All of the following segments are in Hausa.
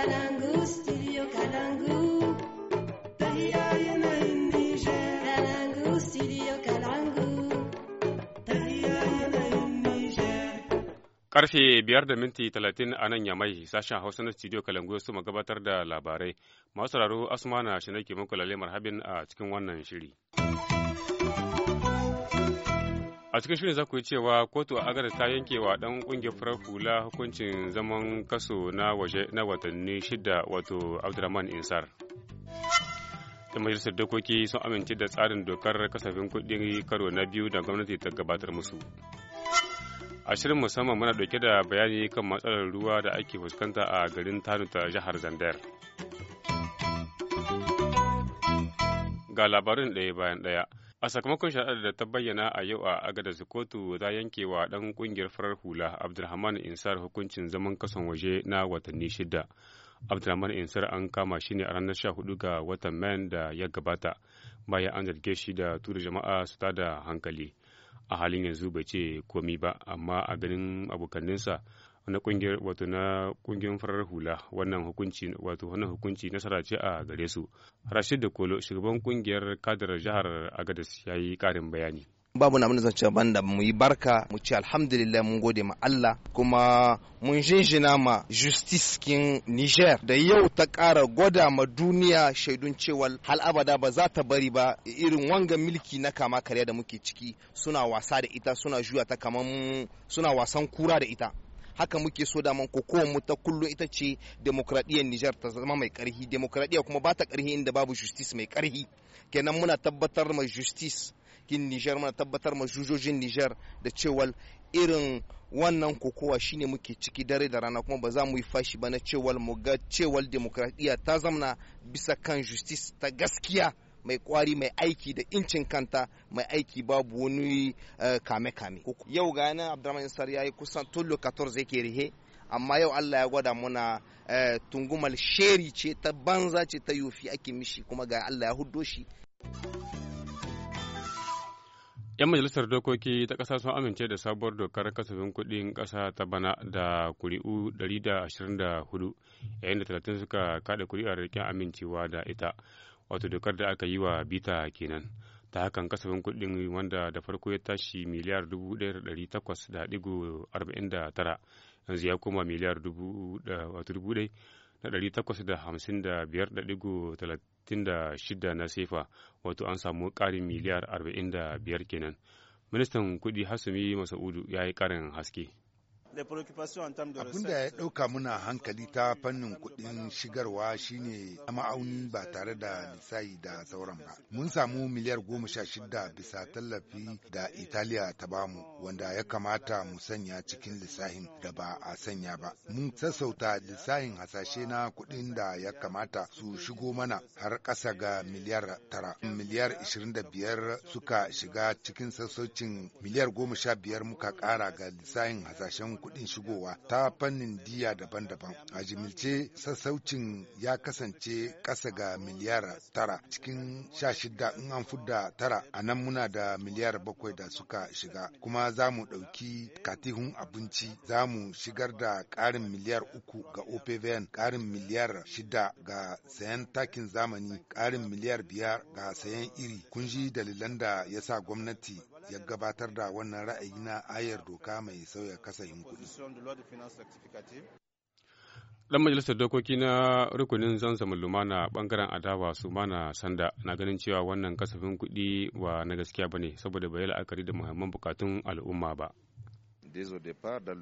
Kalangu, Karfe biyar da minti talatin a nan Yamai, sashen Hausa na studio Kalangu su gabatar da labarai. Masu sauraro na Shinaki muku lalle marhabin a cikin wannan shiri. a cikin shirin za yi cewa kotu a agadar ta yanke wa dan kungiyar farar hula hukuncin zaman kaso na waje na watanni shida wato abdulrahman insar da majalisar dokoki sun amince da tsarin dokar kasafin kudi karo na biyu da gwamnati ta gabatar musu a shirin musamman muna dauke da bayani kan matsalar ruwa da ake fuskanta a garin tanu ta jihar zandar ga labarin ɗaya bayan ɗaya A sakamakon shari'ar da ta bayyana a yau a agada kotu za yanke wa ɗan ƙungiyar farar hula Abdulrahman Insar hukuncin zaman kason waje na watanni shida. Abdulrahman Insar an kama shi ne a ranar sha hudu ga watan Mayan da ya gabata bayan an zarge shi da tura jama'a su da hankali. A halin yanzu bai ce komi ba amma a ganin abokaninsa na kungiyar wato na kungiyar farar hula wannan hukunci wato wannan hukunci nasara ce a gare su rashid da kolo shugaban kungiyar kadar jihar agadas ya yi karin bayani babu na mun zance ban da mu yi barka mu ce alhamdulillah mun gode ma Allah kuma mun jinjina ma justice kin Niger da yau ta kara gwada ma duniya shaidun cewa hal abada ba za ta bari ba irin wanga milki na kama karya da muke ciki suna wasa da ita suna juya ta kaman suna wasan kura da ita haka muke so da man mu ta kullum ita ce demokradiyyar Nijar ta zama mai karhi demokradiyya kuma ba ta karhi inda babu justice mai karhi kenan muna tabbatar ma justice kin Nijar muna tabbatar ma jujojin Nijar da cewa irin wannan kokowa shine muke ciki dare da rana kuma ba za mu yi fashi ba na cewar mu ga cewar demokradiyya ta zamna bisa kan justice ta gaskiya mai kwari mai aiki da incin kanta mai aiki babu wani eh, kame-kame yau ga yanar abdurrahman sar ya yi kusan tullo 14 ke rihe amma yau allah ya gwada muna eh, tungumal sheri ce ta banza ce ta yofi ake mishi kuma ga allah ya huddo shi 'Yan majalisar dokoki ta ƙasa sun amince da sabuwar dokar kasafin kuɗin ƙasa ta bana da kuri'u 124 yayin da 30 suka kada kuri'ar rikin amincewa da ita. wato dokar da aka yi wa bita kenan ta hakan kasafin kuɗin wanda da farko ya tashi miliyar dubu ɗaya da takwas da ɗigo arba'in da tara yanzu ya koma miliyar dubu ɗaya na ɗari takwas da hamsin da biyar da ɗigo talatin da shida na sefa wato an samu ƙarin miliyar arba'in da biyar kenan ministan kuɗi hasumi masa'udu ya yi ƙarin haske recettes. da ya ɗauka muna hankali ta fannin kudin shigarwa shine a ma'auni ba tare da lissayi da sauran ba mun samu miliyar goma sha shida bisa tallafi da italiya ta bamu wanda ya kamata mu sanya cikin lissafin da ba a sanya ba mun sassauta lissafin hasashe na kudin da ya kamata su shigo mana har kasa ga miliyar tara miliyar ishirin da biyar suka shiga cikin sassaucin miliyar goma sha biyar muka kara ga lissafin hasashen kuɗin shigowa ta fannin diya daban-daban. A jimilce sassaucin ya kasance ƙasa ga miliyar tara cikin sha shida in an fudda tara a nan muna da miliyar bakwai da suka shiga kuma za mu ɗauki katihun abinci za mu shigar da ƙarin miliyar uku ga OPVN ƙarin miliyar shida ga sayan takin zamani ƙarin miliyar biyar ga sayan iri kun ji dalilan da ya sa gwamnati ya gabatar da wannan ra'ayi na ayar doka mai sauya kasayin kuɗi. Dan majalisar dokoki na rukunin mulluma lumana bangaren adawa su mana sanda na ganin cewa wannan kasafin kuɗi ba na gaskiya ba ne saboda bai la'akari da muhimman bukatun al'umma ba. dès au départ dans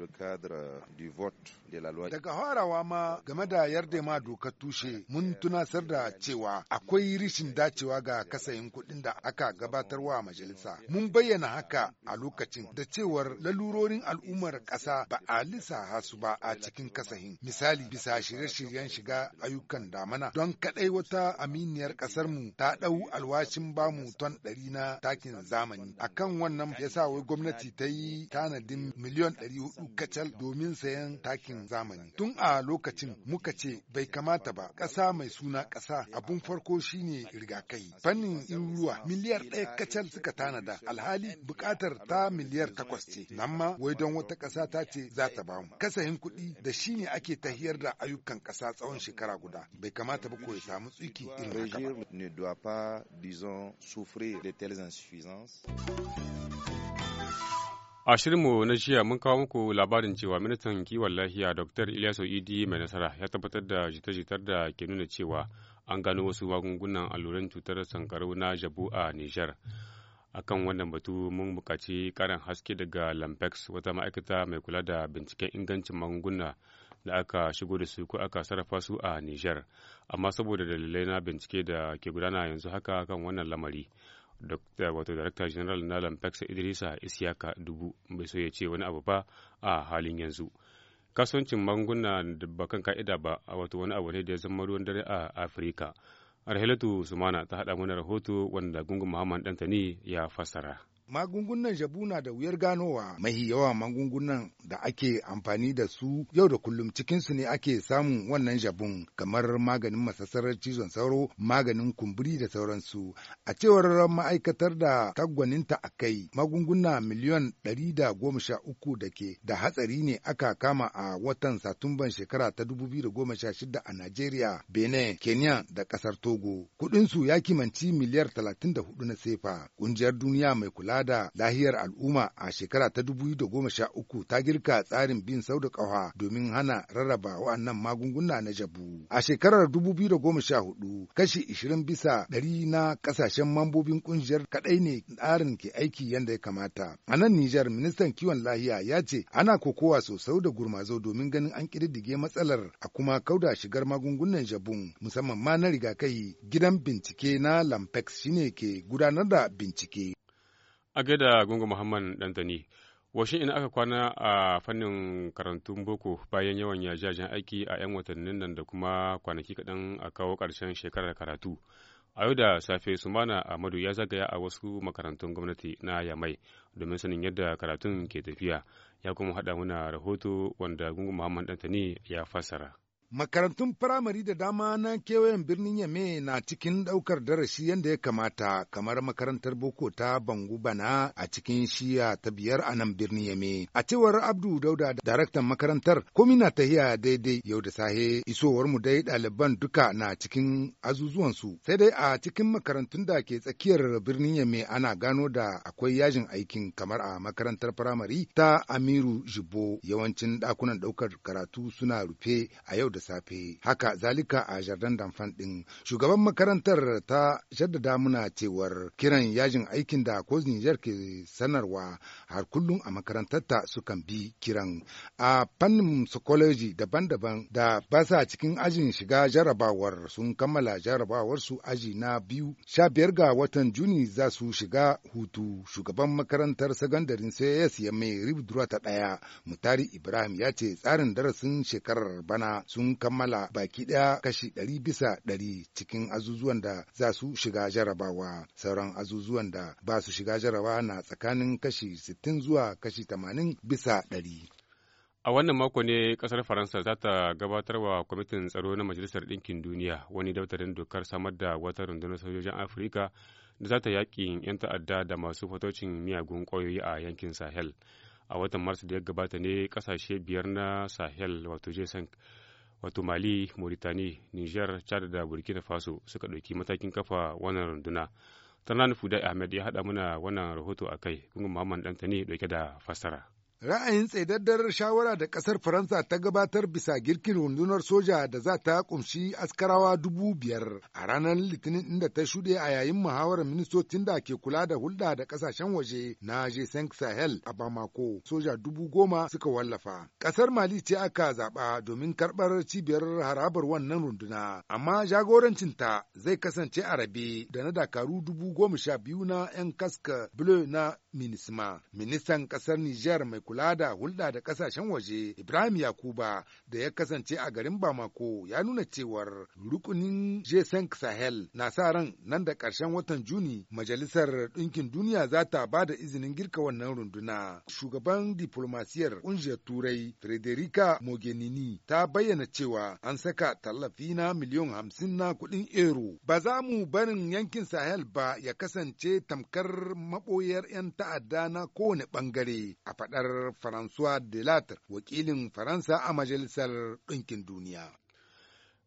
Daga harawa ma game da yarda ma dokar tushe mun tunasar da cewa akwai rishin dacewa ga kasayin kuɗin da aka gabatarwa a majalisa. Mun bayyana haka a lokacin da cewar lalurorin al'ummar ƙasa ba a lissa su ba a cikin kasahin. Misali bisa shirye-shiryen shiga ayyukan damana don kaɗai wata aminiyar ƙasarmu ta ɗau alwashin bamu ton ɗari na takin zamani. Akan wannan yasa wai gwamnati ta yi tanadin miliyan 400 kacal domin sayan takin zamani. Tun a lokacin muka ce bai kamata ba ƙasa mai suna ƙasa abun farko shine rigakai Fannin ruwa miliyar ɗaya kacal suka tanada alhali buƙatar ta miliyar takwas ce. Nan ma wai don wata ƙasa ta ce za ta mu Kasahin kuɗi da shine ake tahiyar da ayyukan ƙasa tsawon shekara guda. Bai kamata ba ko ya samu tsiki irin haka ba. A shirinmu na jiya mun kawo muku labarin cewa ministan kiwon lafiya Dr. Ilyasu Idi mai nasara ya tabbatar da jita-jitar da ke nuna cewa an gano wasu magungunan alluran cutar sankarau na jabu a Nijar. Akan wannan batu mun buƙaci ƙarin haske daga Lampex wata ma'aikata mai kula da binciken ingancin magunguna da aka shigo da su ko aka sarrafa su a Nijar. Amma saboda dalilai na bincike da ke gudana yanzu haka kan wannan lamari. wato darakta general na peksa idrisa isyaka dubu bai so ya ce wani abu ba a halin yanzu kasuwancin magunguna da ba kan ka'ida ba wato wani abu ne da ya zama ruwan dare a afirka arhelatu sumana ta haɗa mana rahoto wanda gungun muhammad dantani ya fassara Magungunan jabu na da wuyar ganowa mahi yawa magungunan da ake amfani da su yau da kullum cikinsu ne ake samun wannan jabun kamar maganin masassarar cizon sauro, maganin kumburi da sauransu. A cewar ma'aikatar da tagwaninta a kai magunguna miliyon ɗari da goma uku da ke da hatsari ne aka kama a watan Satumban shekara ta 2016 a Najeriya, Benin, Kenya da ƙasar Togo. Kuɗinsu ya kimanci miliyar 34 na sefa. Ƙungiyar duniya mai kula kula da lahiyar al'umma a shekara ta 2013 ta girka tsarin bin sau da kawa domin hana rarraba wa'annan magunguna na jabu. A shekarar 2014 kashi 20 bisa 100 na ƙasashen mambobin ƙungiyar kaɗai ne tsarin ke aiki yadda ya kamata. A nan Nijar ministan kiwon lahiya ya ce ana kokowa sosai da gurmazo domin ganin an ƙididdige matsalar a kuma kauda shigar magungunan jabun musamman ma na rigakafi gidan bincike na Lampex shine ke gudanar da bincike. a gaida gungun muhammad dantani washin ina aka kwana a fannin karantun boko bayan yawan yajajen aiki a 'yan watannin nan da kuma kwanaki kaɗan a kawo ƙarshen shekarar karatu a yau da safe sumana amadu ya zagaya a wasu makarantun gwamnati na yamai domin sanin yadda karatun ke tafiya ya kuma haɗa muna rahoto wanda gungun muhammad dantani ya fassara Makarantun firamare da dama na kewayen birnin Yame na cikin ɗaukar darasi yadda ya kamata kamar makarantar boko ta Bangu Bana a cikin shiya ta biyar a nan birnin Yame. A cewar Abdu Dauda daraktan makarantar komi na tahiya daidai yau da sahe isowar mu dai ɗaliban duka na cikin azuzuwansu. Sai dai a cikin makarantun da ke tsakiyar birnin Yame ana gano da akwai yajin aikin kamar a makarantar firamare ta Amiru Jibo yawancin ɗakunan ɗaukar karatu suna rufe a yau da safe haka zalika a jardin damfan ɗin shugaban makarantar ta jaddada muna cewar kiran yajin aikin da ko ke sanarwa har kullum a makarantarta sukan bi kiran a fannin psychology daban-daban da ba sa cikin ajin shiga jarabawar sun kammala jarabawar su aji na biyu sha biyar ga watan Juni za su shiga hutu shugaban makarantar sagandarin CS ya mai ribu ta ɗaya Mutari Ibrahim ya ce tsarin darasin shekarar bana sun sun kammala baki ɗaya kashi ɗari bisa ɗari cikin azuzuwan da za su shiga jarabawa sauran azuzuwan da ba su shiga jarrabawa na tsakanin kashi sittin zuwa kashi tamanin bisa ɗari. A wannan mako ne kasar Faransa za ta gabatar wa kwamitin tsaro na Majalisar Ɗinkin Duniya wani daftarin dokar samar da wata rundunar sojojin Afirka da za ta yaƙi 'yan ta'adda da masu fatocin miyagun ƙwayoyi a yankin Sahel. A watan Mars da ya gabata ne ƙasashe biyar na Sahel wato Jason wato mali mauritani niger chad da burkina faso suka ɗauki matakin kafa wannan runduna tarnani fudai ahmed ya haɗa mana wannan rahoto a kai kuma muhammad ne ɗauke da fassara Ra'ayin tsaidaddar shawara da ƙasar Faransa ta gabatar bisa girkin rundunar soja da za ta kumshi askarawa dubu biyar a ranar Litinin inda ta shuɗe a yayin muhawarar ministocin da ke kula da hulɗa da ƙasashen waje na je saint Sahel a Bamako soja dubu goma suka wallafa. Ƙasar Mali ce aka zaɓa domin karɓar cibiyar harabar wannan runduna, amma jagorancinta zai kasance a rabe da na dakaru dubu goma sha biyu na 'yan kaska bleu na minisma ministan ƙasar Nijar mai kula da hulɗa da ƙasashen waje ibrahim yakuba da ya kasance a garin bamako ya nuna cewar rukunin g5 sahel na sa ran nan da ƙarshen watan juni majalisar ɗinkin duniya za ta ba da izinin girka wannan runduna shugaban diplomasiyar ƙungiyar turai frederica Mogenini ta bayyana cewa an saka tallafi na miliyon hamsin na kuɗin ero ba za mu barin yankin sahel ba ya kasance tamkar maɓoyar 'yan ta ta'adda na kowane ɓangare a faɗar Faransuwa Delatre, wakilin Faransa a Majalisar Ɗinkin Duniya.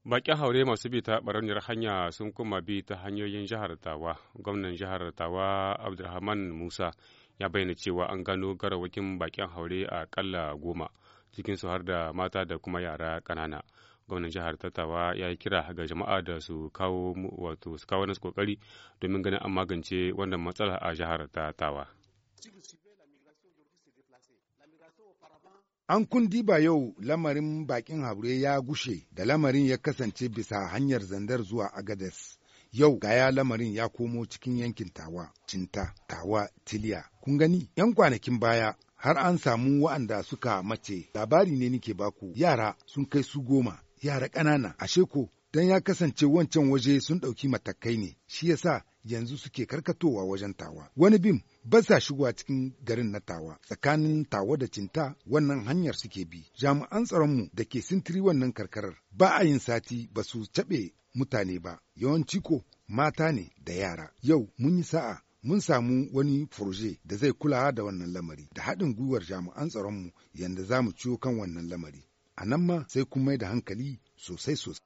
bakin haure masu bi ta barauniyar hanya sun kuma bi ta hanyoyin jihar Tawa. Gwamnan jihar Tawa Abdulrahman Musa ya bayyana cewa an gano garawakin bakin haure a kalla goma, cikinsu har da mata da kuma yara ƙanana. gwamnan jihar tattawa ya yi kira ga jama'a da su kawo wato su kawo nasu kokari domin ganin an magance wannan matsala a jihar tattawa An kundi ba yau lamarin bakin haure ya gushe da lamarin ya kasance bisa hanyar zandar zuwa Agades. Yau gaya lamarin ya komo cikin yankin tawa, cinta, tawa, tiliya. Kun gani? ‘Yan kwanakin baya har an samu wa'anda suka mace labari ne nike baku yara sun kai su goma, yara ƙanana, a sheko don ya kasance wancan waje sun ɗauki matakai ne, shi yasa yanzu suke karkatowa wajen tawa. Wani bim ba sa shigowa cikin garin na tawa tsakanin tawa da cinta wannan hanyar suke bi jami'an tsaronmu da ke sintiri wannan karkarar ba a yin sati ba su taɓe mutane ba yawanci ko mata ne da yara yau mun yi sa'a mun samu wani furje da zai kula da wannan lamari da haɗin gwiwar jami'an tsaronmu yadda za mu ciyo kan wannan lamari a nan ma sai kun mai da hankali sosai sosai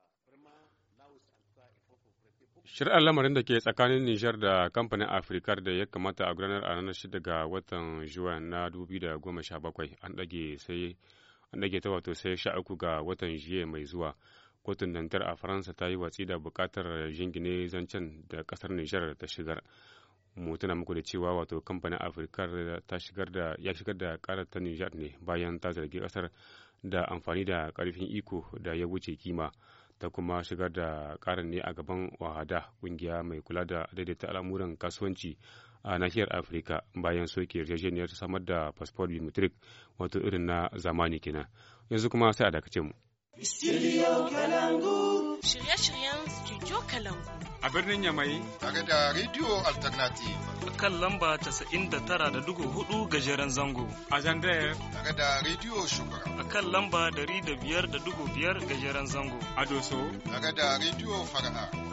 Shir'ar lamarin da ke tsakanin Nijar da kamfanin afirka da ya kamata a gudanar a ranar 6 ga watan Juwan na 2017 an ɗage sai an ɗage ta wato sai 13 ga watan jiya mai zuwa. Kotun dantar a Faransa ta yi watsi da buƙatar jingine zancen da ƙasar Nijar ta shigar. Mu tana muku da cewa wato kamfanin afirka ta shigar da ya shigar da ƙarar ta Nijar ne bayan ta zargi ƙasar da amfani da ƙarfin iko da ya wuce kima. ta kuma shigar da karin ne a gaban wahada kungiya mai kula da daidaita al'amuran kasuwanci a nahiyar afirka bayan soke yarjejeniyar samar da fasfor biometric wato irin na zamani kenan yanzu kuma sai a dakace mu shirye-shiryen Kalangu. A birnin Yamai. Tare da Radio Alternative. A kan lamba tara da dugu hudu gajeren zango. A Zandaya. Tare da Radio Shugaba. A kan lamba dari da da biyar gajeren zango. A Doso. Tare da Radio Fara'a.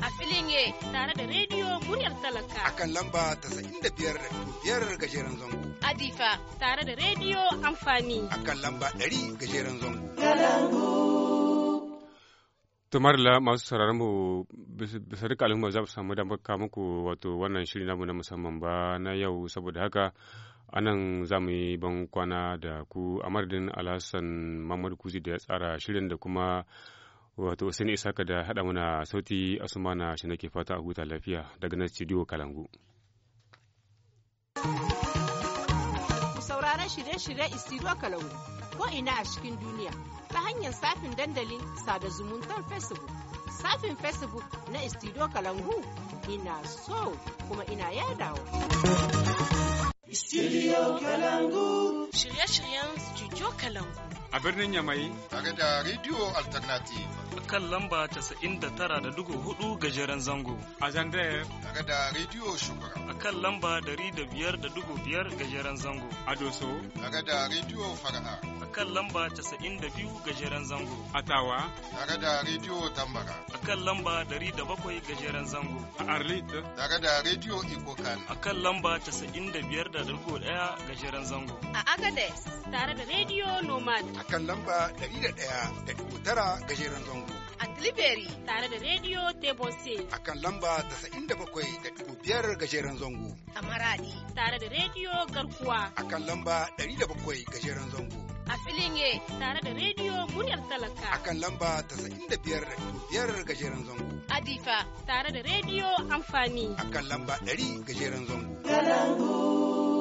a filin ye tare da rediyo muryar talaka a kan lamba da biyar gajeren zango adifa tare da rediyo amfani a kan lamba 100 gajeren zango tumar la masu sauraron mu bisa duka al'umma za mu samu damar muku wato wannan shiri namu na musamman ba na yau saboda haka anan nan za mu yi ban kwana da ku a madadin alhassan mamadu kuzi da ya tsara shirin da kuma Wato Sani Isaka da haɗa mana sauti Asumana shi nake fata a huta lafiya daga nan studio Kalangu. Sauraron shirye-shirye Istiro Kalangu ko ina a cikin duniya ta hanyar safin dandalin sada zumuntar Facebook. Safin Facebook na Istiro Kalangu ina so kuma ina yadawa. Studio Kalangu. Shirye-shiryen Studio Kalangu. a birnin Yamai. Tare da Radio Alternative. A kan lamba 99.4 gajeren zango. A Zandaya. Tare da Radio Shugura. A kan lamba 105.5 gajeren zango. A Doso. Tare da Radio Fara'a. kan lamba 92 gajeren zango. a tawa Tare da Rediyo Tambara. A kan lamba 107 gajeren zango. A Arlit. Tare da Rediyo Ikokan. A kan lamba 95.1 gajeren zango. A Agades. Tare da Rediyo Nomad. kan lamba ga gajeren zango. A Tilibiri tare da Radio tebose. A kan lamba 97.5 gajeren zango. A Maradi tare da Radio Garkuwa. A kan lamba 107 gajeren zango. a filin tare da rediyo muryar talaka a kan lamba tasa'in da biyar biyar gajeren zango Difa tare da rediyo amfani a kan lamba ɗari gajeren zango